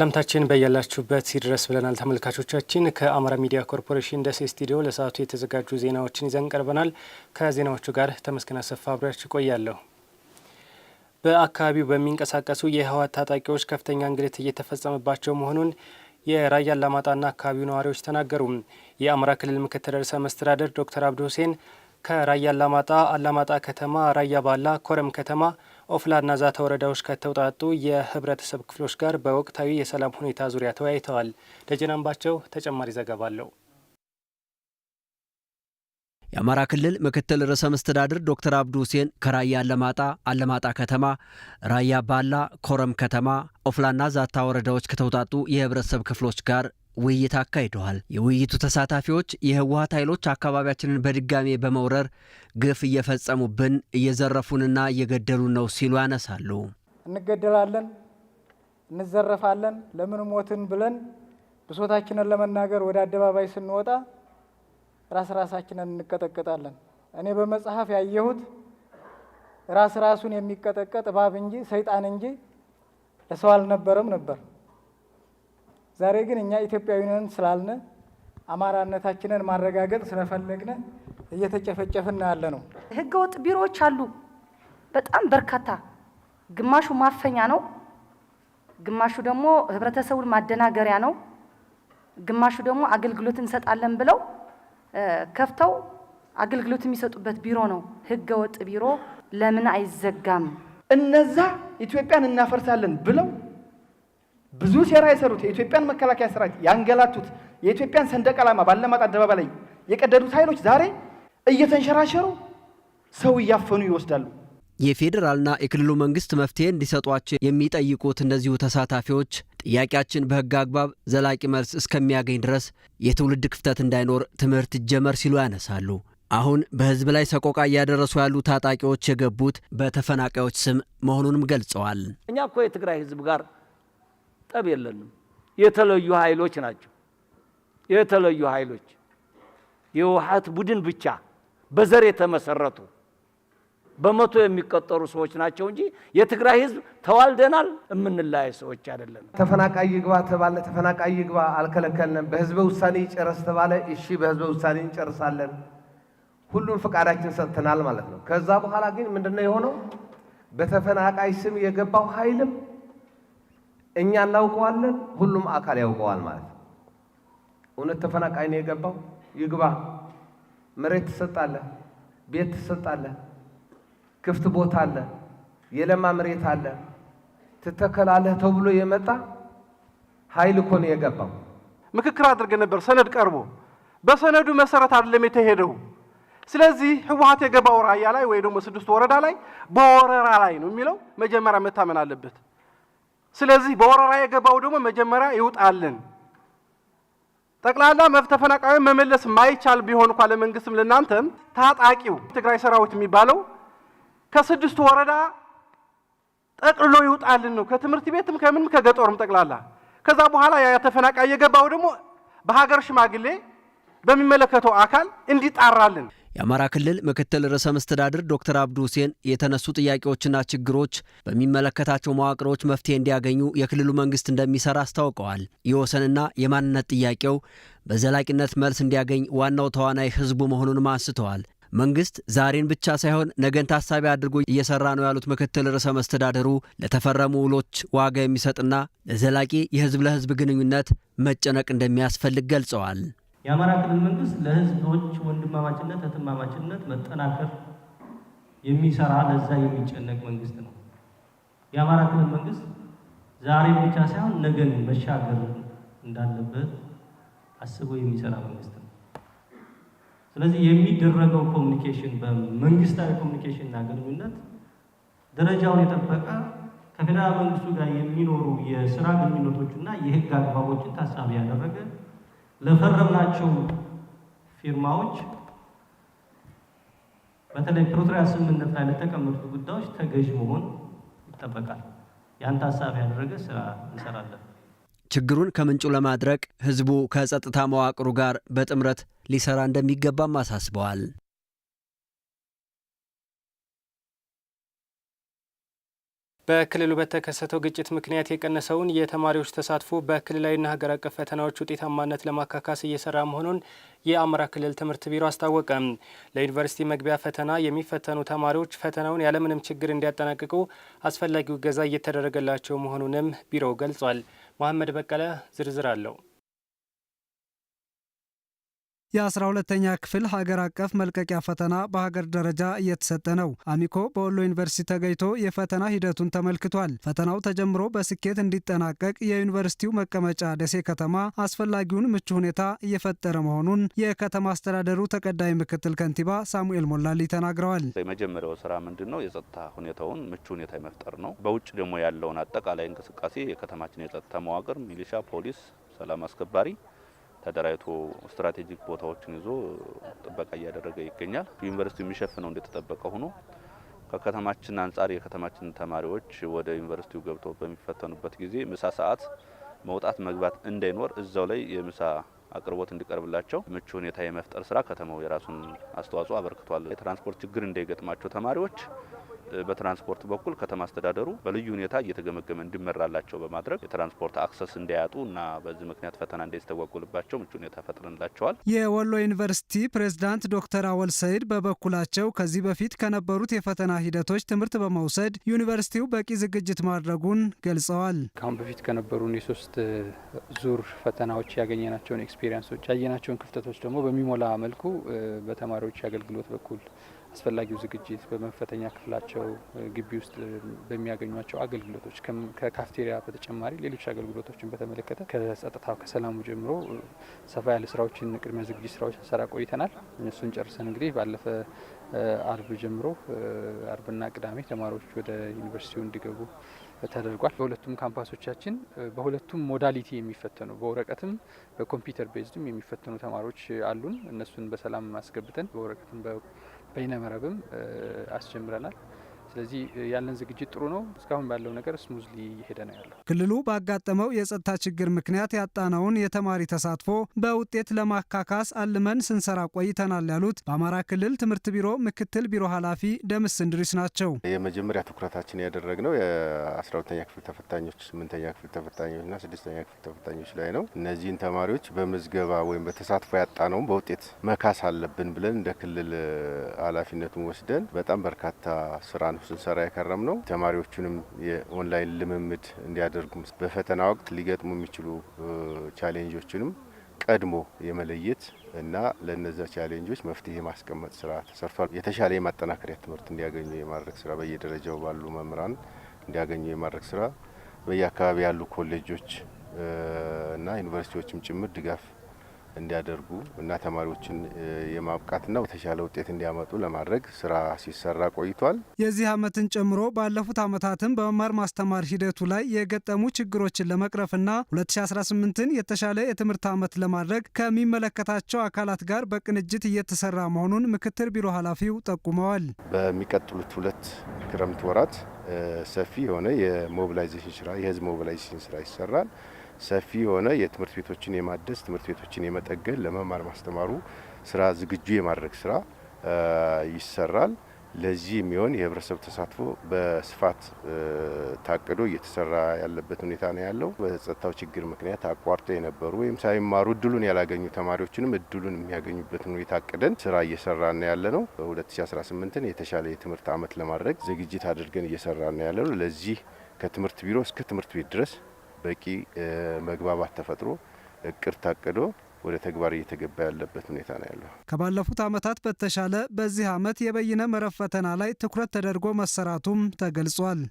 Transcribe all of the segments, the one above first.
ሰላምታችን በያላችሁበት ይድረስ ብለናል ተመልካቾቻችን። ከአማራ ሚዲያ ኮርፖሬሽን ደሴ ስቱዲዮ ለሰዓቱ የተዘጋጁ ዜናዎችን ይዘን ቀርበናል። ከዜናዎቹ ጋር ተመስገን አሰፋ አብሬያችሁ ቆያለሁ። በአካባቢው በሚንቀሳቀሱ የህወሓት ታጣቂዎች ከፍተኛ እንግልት እየተፈጸመባቸው መሆኑን የራያ አላማጣና አካባቢው ነዋሪዎች ተናገሩ። የአማራ ክልል ምክትል ርዕሰ መስተዳደር ዶክተር አብዱ ሁሴን ከራያ አላማጣ፣ አላማጣ ከተማ፣ ራያ ባላ፣ ኮረም ከተማ ኦፍላና ዛታ ወረዳዎች ከተውጣጡ የህብረተሰብ ክፍሎች ጋር በወቅታዊ የሰላም ሁኔታ ዙሪያ ተወያይተዋል። ደጀናምባቸው ተጨማሪ ዘገባ አለው። የአማራ ክልል ምክትል ርዕሰ መስተዳድር ዶክተር አብዱ ሁሴን ከራያ አለማጣ፣ አለማጣ ከተማ፣ ራያ ባላ፣ ኮረም ከተማ፣ ኦፍላና ዛታ ወረዳዎች ከተውጣጡ የህብረተሰብ ክፍሎች ጋር ውይይት አካሂደዋል። የውይይቱ ተሳታፊዎች የህወሀት ኃይሎች አካባቢያችንን በድጋሜ በመውረር ግፍ እየፈጸሙብን እየዘረፉንና እየገደሉን ነው ሲሉ ያነሳሉ። እንገደላለን፣ እንዘረፋለን፣ ለምን ሞትን ብለን ብሶታችንን ለመናገር ወደ አደባባይ ስንወጣ ራስ ራሳችንን እንቀጠቀጣለን። እኔ በመጽሐፍ ያየሁት ራስ ራሱን የሚቀጠቀጥ እባብ እንጂ ሰይጣን እንጂ ለሰው አልነበረም ነበር ዛሬ ግን እኛ ኢትዮጵያዊነን ስላልን ስላልነ አማራነታችንን ማረጋገጥ ስለፈለግነ እየተጨፈጨፍን ያለ ነው። ህገወጥ ቢሮዎች አሉ፣ በጣም በርካታ። ግማሹ ማፈኛ ነው፣ ግማሹ ደግሞ ህብረተሰቡን ማደናገሪያ ነው፣ ግማሹ ደግሞ አገልግሎት እንሰጣለን ብለው ከፍተው አገልግሎት የሚሰጡበት ቢሮ ነው። ህገወጥ ቢሮ ለምን አይዘጋም? እነዛ ኢትዮጵያን እናፈርሳለን ብለው ብዙ ሴራ የሰሩት የኢትዮጵያን መከላከያ ሰራዊት ያንገላቱት የኢትዮጵያን ሰንደቅ ዓላማ ባለማጣ አደባባይ ላይ የቀደዱት ኃይሎች ዛሬ እየተንሸራሸሩ ሰው እያፈኑ ይወስዳሉ። የፌዴራልና የክልሉ መንግስት መፍትሄ እንዲሰጧቸው የሚጠይቁት እነዚሁ ተሳታፊዎች ጥያቄያችን በህግ አግባብ ዘላቂ መልስ እስከሚያገኝ ድረስ የትውልድ ክፍተት እንዳይኖር ትምህርት ይጀመር ሲሉ ያነሳሉ። አሁን በህዝብ ላይ ሰቆቃ እያደረሱ ያሉ ታጣቂዎች የገቡት በተፈናቃዮች ስም መሆኑንም ገልጸዋል። እኛ እኮ የትግራይ ህዝብ ጋር ጠብ የለንም። የተለዩ ኃይሎች ናቸው። የተለዩ ኃይሎች የውሃት ቡድን ብቻ በዘር የተመሰረቱ በመቶ የሚቆጠሩ ሰዎች ናቸው እንጂ የትግራይ ህዝብ ተዋልደናል የምንለያይ ሰዎች አይደለም። ተፈናቃይ ይግባ ተባለ፣ ተፈናቃይ ይግባ አልከለከልንም። በህዝበ ውሳኔ ይጨረስ ተባለ፣ እሺ በህዝበ ውሳኔ እንጨርሳለን። ሁሉም ፈቃዳችን ሰጥተናል ማለት ነው። ከዛ በኋላ ግን ምንድነው የሆነው? በተፈናቃይ ስም የገባው ኃይልም እኛ እናውቀዋለን፣ ሁሉም አካል ያውቀዋል ማለት ነው። እውነት ተፈናቃይ ነው የገባው ይግባ። መሬት ትሰጣለህ፣ ቤት ትሰጣለህ፣ ክፍት ቦታ አለ፣ የለማ መሬት አለ፣ ትተከላለህ ተብሎ የመጣ ኃይል እኮ ነው የገባው። ምክክር አድርገን ነበር፣ ሰነድ ቀርቦ በሰነዱ መሰረት አይደለም የተሄደው። ስለዚህ ህወሀት የገባው ራያ ላይ ወይ ደግሞ ስድስት ወረዳ ላይ በወረራ ላይ ነው የሚለው መጀመሪያ መታመን አለበት። ስለዚህ በወረራ የገባው ደግሞ መጀመሪያ ይውጣልን። ጠቅላላ ተፈናቃዩን መመለስ ማይቻል ቢሆን እንኳ ለመንግስትም ለእናንተም ታጣቂው ትግራይ ሰራዊት የሚባለው ከስድስቱ ወረዳ ጠቅልሎ ይውጣልን ነው፣ ከትምህርት ቤትም ከምንም ከገጠሩም ጠቅላላ። ከዛ በኋላ ያ ተፈናቃይ የገባው ደግሞ በሀገር ሽማግሌ በሚመለከተው አካል እንዲጣራልን የአማራ ክልል ምክትል ርዕሰ መስተዳድር ዶክተር አብዱ ሁሴን የተነሱ ጥያቄዎችና ችግሮች በሚመለከታቸው መዋቅሮች መፍትሄ እንዲያገኙ የክልሉ መንግስት እንደሚሰራ አስታውቀዋል። የወሰንና የማንነት ጥያቄው በዘላቂነት መልስ እንዲያገኝ ዋናው ተዋናይ ህዝቡ መሆኑንም አንስተዋል። መንግስት ዛሬን ብቻ ሳይሆን ነገን ታሳቢ አድርጎ እየሰራ ነው ያሉት ምክትል ርዕሰ መስተዳደሩ ለተፈረሙ ውሎች ዋጋ የሚሰጥና ለዘላቂ የህዝብ ለህዝብ ግንኙነት መጨነቅ እንደሚያስፈልግ ገልጸዋል። የአማራ ክልል መንግስት ለህዝቦች ወንድማማችነት፣ እህትማማችነት መጠናከር የሚሰራ ለዛ የሚጨነቅ መንግስት ነው። የአማራ ክልል መንግስት ዛሬ ብቻ ሳይሆን ነገን መሻገር እንዳለበት አስቦ የሚሰራ መንግስት ነው። ስለዚህ የሚደረገው ኮሚኒኬሽን በመንግስታዊ ኮሚኒኬሽንና ግንኙነት ደረጃውን የጠበቀ ከፌደራል መንግስቱ ጋር የሚኖሩ የስራ ግንኙነቶችና የህግ አግባቦችን ታሳቢ ያደረገ ለፈረምናቸው ፊርማዎች በተለይ ፕሪቶሪያ ስምምነት ላይ ለተቀመጡ ጉዳዮች ተገዥ መሆን ይጠበቃል። ያን ታሳቢ ያደረገ ስራ እንሰራለን። ችግሩን ከምንጩ ለማድረቅ ህዝቡ ከጸጥታ መዋቅሩ ጋር በጥምረት ሊሰራ እንደሚገባም አሳስበዋል። በክልሉ በተከሰተው ግጭት ምክንያት የቀነሰውን የተማሪዎች ተሳትፎ በክልላዊና ሀገር አቀፍ ፈተናዎች ውጤታማነት ለማካካስ እየሰራ መሆኑን የአማራ ክልል ትምህርት ቢሮ አስታወቀም። ለዩኒቨርሲቲ መግቢያ ፈተና የሚፈተኑ ተማሪዎች ፈተናውን ያለምንም ችግር እንዲያጠናቅቁ አስፈላጊው እገዛ እየተደረገላቸው መሆኑንም ቢሮው ገልጿል። መሐመድ በቀለ ዝርዝር አለው። የ12ተኛ ክፍል ሀገር አቀፍ መልቀቂያ ፈተና በሀገር ደረጃ እየተሰጠ ነው። አሚኮ በወሎ ዩኒቨርሲቲ ተገኝቶ የፈተና ሂደቱን ተመልክቷል። ፈተናው ተጀምሮ በስኬት እንዲጠናቀቅ የዩኒቨርሲቲው መቀመጫ ደሴ ከተማ አስፈላጊውን ምቹ ሁኔታ እየፈጠረ መሆኑን የከተማ አስተዳደሩ ተቀዳሚ ምክትል ከንቲባ ሳሙኤል ሞላሊ ተናግረዋል። የመጀመሪያው ስራ ምንድን ነው? የጸጥታ ሁኔታውን ምቹ ሁኔታ የመፍጠር ነው። በውጭ ደግሞ ያለውን አጠቃላይ እንቅስቃሴ የከተማችን የጸጥታ መዋቅር ሚሊሻ፣ ፖሊስ፣ ሰላም አስከባሪ ተደራጅቶ ስትራቴጂክ ቦታዎችን ይዞ ጥበቃ እያደረገ ይገኛል። ዩኒቨርሲቲው የሚሸፍነው እንደተጠበቀ ሆኖ ከከተማችን አንጻር የከተማችን ተማሪዎች ወደ ዩኒቨርሲቲው ገብተው በሚፈተኑበት ጊዜ ምሳ ሰዓት መውጣት መግባት እንዳይኖር እዛው ላይ የምሳ አቅርቦት እንዲቀርብላቸው ምቹ ሁኔታ የመፍጠር ስራ ከተማው የራሱን አስተዋጽኦ አበርክቷል። የትራንስፖርት ችግር እንዳይገጥማቸው ተማሪዎች በትራንስፖርት በኩል ከተማ አስተዳደሩ በልዩ ሁኔታ እየተገመገመ እንዲመራላቸው በማድረግ የትራንስፖርት አክሰስ እንዲያጡ እና በዚህ ምክንያት ፈተና እንዳይስተጓጎልባቸው ምቹ ሁኔታ ፈጥረንላቸዋል። የወሎ ዩኒቨርሲቲ ፕሬዝዳንት ዶክተር አወል ሰይድ በበኩላቸው ከዚህ በፊት ከነበሩት የፈተና ሂደቶች ትምህርት በመውሰድ ዩኒቨርሲቲው በቂ ዝግጅት ማድረጉን ገልጸዋል። ከአሁን በፊት ከነበሩን የሶስት ዙር ፈተናዎች ያገኘናቸውን ኤክስፔሪንሶች ያየናቸውን ክፍተቶች ደግሞ በሚሞላ መልኩ በተማሪዎች አገልግሎት በኩል አስፈላጊው ዝግጅት በመፈተኛ ክፍላቸው ባላቸው ግቢ ውስጥ በሚያገኟቸው አገልግሎቶች ከካፍቴሪያ በተጨማሪ ሌሎች አገልግሎቶችን በተመለከተ ከጸጥታ ከሰላሙ ጀምሮ ሰፋ ያለ ስራዎችን ቅድሚያ ዝግጅት ስራዎች ሰራ ቆይተናል። እሱን ጨርሰን እንግዲህ ባለፈ አርብ ጀምሮ አርብና ቅዳሜ ተማሪዎች ወደ ዩኒቨርሲቲው እንዲገቡ ተደርጓል። በሁለቱም ካምፓሶቻችን በሁለቱም ሞዳሊቲ የሚፈተኑ በወረቀትም በኮምፒውተር ቤዝድም የሚፈተኑ ተማሪዎች አሉን። እነሱን በሰላም አስገብተን በወረቀትም በይነመረብም አስጀምረናል። ስለዚህ ያለን ዝግጅት ጥሩ ነው። እስካሁን ባለው ነገር ስሙዝሊ እየሄደ ነው ያለው። ክልሉ ባጋጠመው የጸጥታ ችግር ምክንያት ያጣነውን የተማሪ ተሳትፎ በውጤት ለማካካስ አልመን ስንሰራ ቆይተናል ያሉት በአማራ ክልል ትምህርት ቢሮ ምክትል ቢሮ ኃላፊ ደምስ እንድሪስ ናቸው። የመጀመሪያ ትኩረታችን ያደረግነው የአስራ ሁለተኛ ክፍል ተፈታኞች፣ ስምንተኛ ክፍል ተፈታኞችና ስድስተኛ ክፍል ተፈታኞች ላይ ነው። እነዚህን ተማሪዎች በምዝገባ ወይም በተሳትፎ ያጣነውን በውጤት መካስ አለብን ብለን እንደ ክልል ኃላፊነቱን ወስደን በጣም በርካታ ነው። ስንሰራ የከረም ነው። ተማሪዎቹንም የኦንላይን ልምምድ እንዲያደርጉም በፈተና ወቅት ሊገጥሙ የሚችሉ ቻሌንጆችንም ቀድሞ የመለየት እና ለነዚ ቻሌንጆች መፍትሄ የማስቀመጥ ስራ ተሰርቷል። የተሻለ የማጠናከሪያ ትምህርት እንዲያገኙ የማድረግ ስራ በየደረጃው ባሉ መምህራን እንዲያገኙ የማድረግ ስራ በየአካባቢ ያሉ ኮሌጆች እና ዩኒቨርሲቲዎችም ጭምር ድጋፍ እንዲያደርጉ እና ተማሪዎችን የማብቃትና የተሻለ ውጤት እንዲያመጡ ለማድረግ ስራ ሲሰራ ቆይቷል። የዚህ ዓመትን ጨምሮ ባለፉት ዓመታትም በመማር ማስተማር ሂደቱ ላይ የገጠሙ ችግሮችን ለመቅረፍና 2018ን የተሻለ የትምህርት ዓመት ለማድረግ ከሚመለከታቸው አካላት ጋር በቅንጅት እየተሰራ መሆኑን ምክትል ቢሮ ኃላፊው ጠቁመዋል። በሚቀጥሉት ሁለት ክረምት ወራት ሰፊ የሆነ የሞቢላይዜሽን ስራ የህዝብ ሞቢላይዜሽን ስራ ይሰራል። ሰፊ የሆነ የትምህርት ቤቶችን የማደስ ትምህርት ቤቶችን የመጠገን ለመማር ማስተማሩ ስራ ዝግጁ የማድረግ ስራ ይሰራል። ለዚህ የሚሆን የህብረተሰብ ተሳትፎ በስፋት ታቅዶ እየተሰራ ያለበት ሁኔታ ነው ያለው። በጸጥታው ችግር ምክንያት አቋርጠው የነበሩ ወይም ሳይማሩ እድሉን ያላገኙ ተማሪዎችንም እድሉን የሚያገኙበትን ሁኔታ አቅደን ስራ እየሰራ ነው ያለ ነው። 2018ን የተሻለ የትምህርት ዓመት ለማድረግ ዝግጅት አድርገን እየሰራ ነው ያለ ነው። ለዚህ ከትምህርት ቢሮ እስከ ትምህርት ቤት ድረስ በቂ መግባባት ተፈጥሮ እቅድ ታቅዶ ወደ ተግባር እየተገባ ያለበት ሁኔታ ነው ያለው። ከባለፉት ዓመታት በተሻለ በዚህ ዓመት የበይነ መረብ ፈተና ላይ ትኩረት ተደርጎ መሰራቱም ተገልጿል።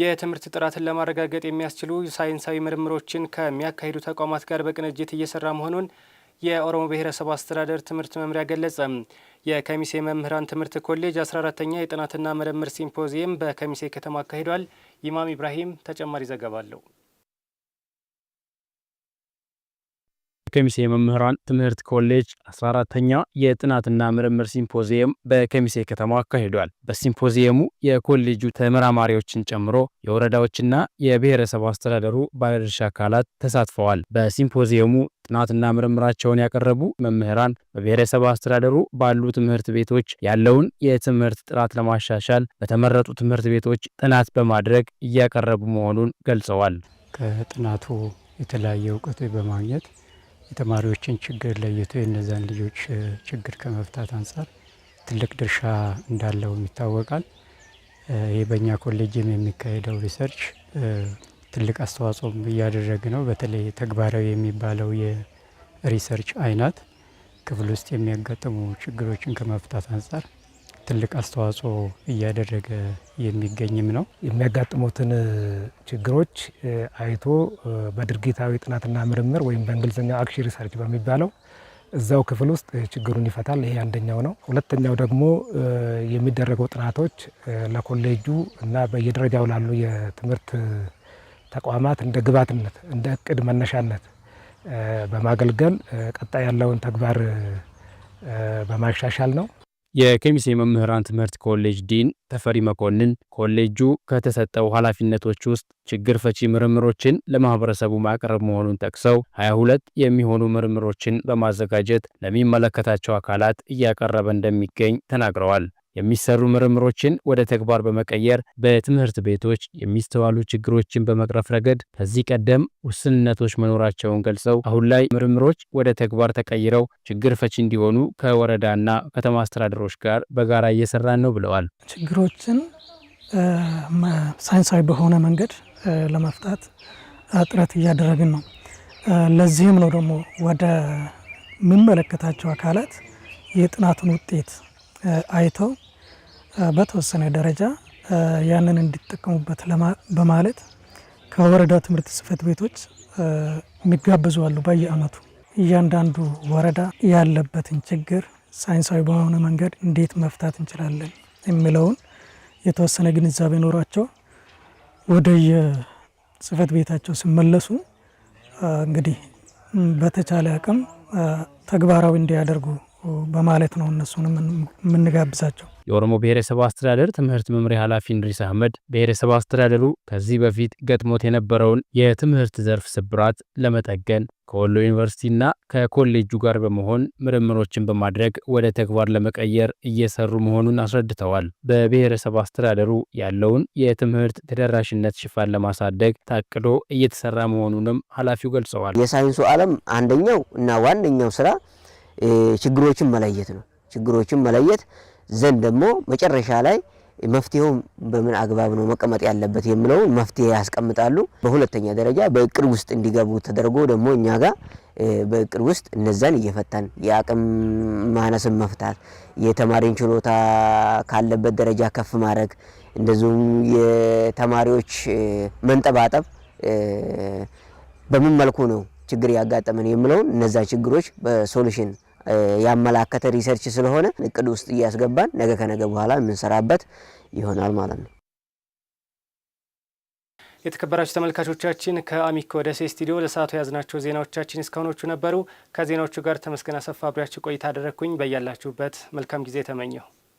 የትምህርት ጥራትን ለማረጋገጥ የሚያስችሉ ሳይንሳዊ ምርምሮችን ከሚያካሂዱ ተቋማት ጋር በቅንጅት እየሰራ መሆኑን የኦሮሞ ብሔረሰብ አስተዳደር ትምህርት መምሪያ ገለጸ። የከሚሴ መምህራን ትምህርት ኮሌጅ 14ተኛ የጥናትና ምርምር ሲምፖዚየም በከሚሴ ከተማ አካሂዷል። ኢማም ኢብራሂም ተጨማሪ ዘገባ አለው። ከሚሴ መምህራን ትምህርት ኮሌጅ 14ተኛ የጥናትና ምርምር ሲምፖዚየም በከሚሴ ከተማ አካሂዷል። በሲምፖዚየሙ የኮሌጁ ተመራማሪዎችን ጨምሮ የወረዳዎችና የብሔረሰብ አስተዳደሩ ባለድርሻ አካላት ተሳትፈዋል። በሲምፖዚየሙ ጥናትና ምርምራቸውን ያቀረቡ መምህራን በብሔረሰብ አስተዳደሩ ባሉ ትምህርት ቤቶች ያለውን የትምህርት ጥራት ለማሻሻል በተመረጡ ትምህርት ቤቶች ጥናት በማድረግ እያቀረቡ መሆኑን ገልጸዋል። ከጥናቱ የተለያየ እውቀቶች በማግኘት የተማሪዎችን ችግር ለይቶ የነዛን ልጆች ችግር ከመፍታት አንጻር ትልቅ ድርሻ እንዳለውም ይታወቃል። ይህ በእኛ ኮሌጅም የሚካሄደው ሪሰርች ትልቅ አስተዋጽኦም እያደረግ ነው። በተለይ ተግባራዊ የሚባለው የሪሰርች አይነት ክፍል ውስጥ የሚያጋጥሙ ችግሮችን ከመፍታት አንጻር ትልቅ አስተዋጽኦ እያደረገ የሚገኝም ነው። የሚያጋጥሙትን ችግሮች አይቶ በድርጊታዊ ጥናትና ምርምር ወይም በእንግሊዝኛው አክሽ ሪሰርች በሚባለው እዛው ክፍል ውስጥ ችግሩን ይፈታል። ይሄ አንደኛው ነው። ሁለተኛው ደግሞ የሚደረገው ጥናቶች ለኮሌጁ እና በየደረጃው ላሉ የትምህርት ተቋማት እንደ ግብዓትነት እንደ እቅድ መነሻነት በማገልገል ቀጣይ ያለውን ተግባር በማሻሻል ነው። የኬሚስ መምህራን ትምህርት ኮሌጅ ዲን ተፈሪ መኮንን ኮሌጁ ከተሰጠው ኃላፊነቶች ውስጥ ችግር ፈቺ ምርምሮችን ለማህበረሰቡ ማቅረብ መሆኑን ጠቅሰው 22 የሚሆኑ ምርምሮችን በማዘጋጀት ለሚመለከታቸው አካላት እያቀረበ እንደሚገኝ ተናግረዋል። የሚሰሩ ምርምሮችን ወደ ተግባር በመቀየር በትምህርት ቤቶች የሚስተዋሉ ችግሮችን በመቅረፍ ረገድ ከዚህ ቀደም ውስንነቶች መኖራቸውን ገልጸው አሁን ላይ ምርምሮች ወደ ተግባር ተቀይረው ችግር ፈች እንዲሆኑ ከወረዳና ከተማ አስተዳደሮች ጋር በጋራ እየሰራን ነው ብለዋል። ችግሮችን ሳይንሳዊ በሆነ መንገድ ለመፍታት ጥረት እያደረግን ነው። ለዚህም ነው ደግሞ ወደ የሚመለከታቸው አካላት የጥናቱን ውጤት አይተው በተወሰነ ደረጃ ያንን እንዲጠቀሙበት በማለት ከወረዳ ትምህርት ጽህፈት ቤቶች የሚጋበዙ አሉ። በየአመቱ እያንዳንዱ ወረዳ ያለበትን ችግር ሳይንሳዊ በሆነ መንገድ እንዴት መፍታት እንችላለን የሚለውን የተወሰነ ግንዛቤ ኖሯቸው ወደ የጽሕፈት ቤታቸው ሲመለሱ እንግዲህ በተቻለ አቅም ተግባራዊ እንዲያደርጉ በማለት ነው እነሱን የምንጋብዛቸው። የኦሮሞ ብሔረሰብ አስተዳደር ትምህርት መምሪያ ኃላፊ እንድሪስ አህመድ ብሔረሰብ አስተዳደሩ ከዚህ በፊት ገጥሞት የነበረውን የትምህርት ዘርፍ ስብራት ለመጠገን ከወሎ ዩኒቨርሲቲና ከኮሌጁ ጋር በመሆን ምርምሮችን በማድረግ ወደ ተግባር ለመቀየር እየሰሩ መሆኑን አስረድተዋል። በብሔረሰብ አስተዳደሩ ያለውን የትምህርት ተደራሽነት ሽፋን ለማሳደግ ታቅዶ እየተሰራ መሆኑንም ኃላፊው ገልጸዋል። የሳይንሱ ዓለም አንደኛው እና ዋነኛው ስራ ችግሮችን መለየት ነው። ችግሮችን መለየት ዘንድ ደግሞ መጨረሻ ላይ መፍትሄውም በምን አግባብ ነው መቀመጥ ያለበት የሚለውን መፍትሄ ያስቀምጣሉ። በሁለተኛ ደረጃ በእቅድ ውስጥ እንዲገቡ ተደርጎ ደግሞ እኛ ጋር በእቅድ ውስጥ እነዛን እየፈታን የአቅም ማነስን መፍታት፣ የተማሪን ችሎታ ካለበት ደረጃ ከፍ ማድረግ፣ እንደዚሁም የተማሪዎች መንጠባጠብ በምን መልኩ ነው ችግር ያጋጠመን የሚለውን እነዛ ችግሮች በሶሉሽን ያመላከተ ሪሰርች ስለሆነ እቅድ ውስጥ እያስገባን ነገ ከነገ በኋላ የምንሰራበት ይሆናል ማለት ነው። የተከበራችሁ ተመልካቾቻችን ከአሚኮ ደሴ ስቱዲዮ ለሰዓቱ የያዝናቸው ዜናዎቻችን እስካሁኖቹ ነበሩ። ከዜናዎቹ ጋር ተመስገን አሰፋ አብሪያችሁ ቆይታ አደረግኩኝ። በያላችሁበት መልካም ጊዜ ተመኘሁ።